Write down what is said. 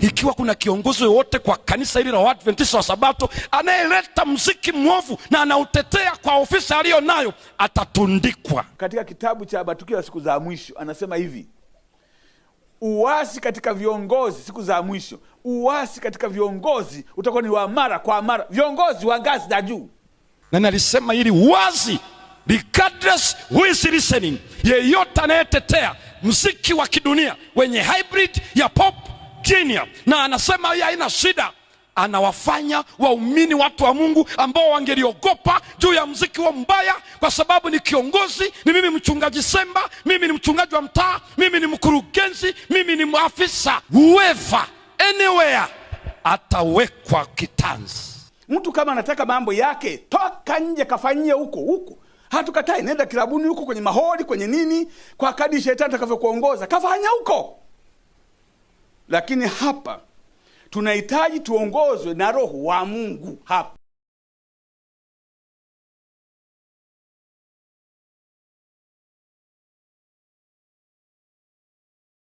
ikiwa kuna kiongozi yoyote kwa kanisa hili la Waadventista wa Sabato anayeleta mziki mwovu na anautetea kwa ofisi aliyo nayo atatundikwa. Katika kitabu cha Matukio ya siku za mwisho anasema hivi, uwasi katika viongozi siku za mwisho, uwasi katika viongozi utakuwa ni wa mara kwa mara, viongozi wa ngazi za juu. Na nalisema hili wazi, regardless who is listening, yeyote anayetetea mziki wa kidunia wenye hybrid ya pop Virginia, na anasema yeye haina shida anawafanya waumini watu wa Mungu ambao wangeliogopa juu ya mziki huo mbaya, kwa sababu ni kiongozi, ni mimi mchungaji Semba, mimi ni mchungaji wa mtaa, mimi ni mkurugenzi, mimi ni mwafisa whoever anywhere atawekwa kitanzi. Mtu kama anataka mambo yake, toka nje, kafanyie huko huko, hatukatai. Nenda kilabuni huko, kwenye maholi, kwenye nini, kwa kadi shetani atakavyokuongoza, kafanya huko lakini hapa tunahitaji tuongozwe na Roho wa Mungu hapa.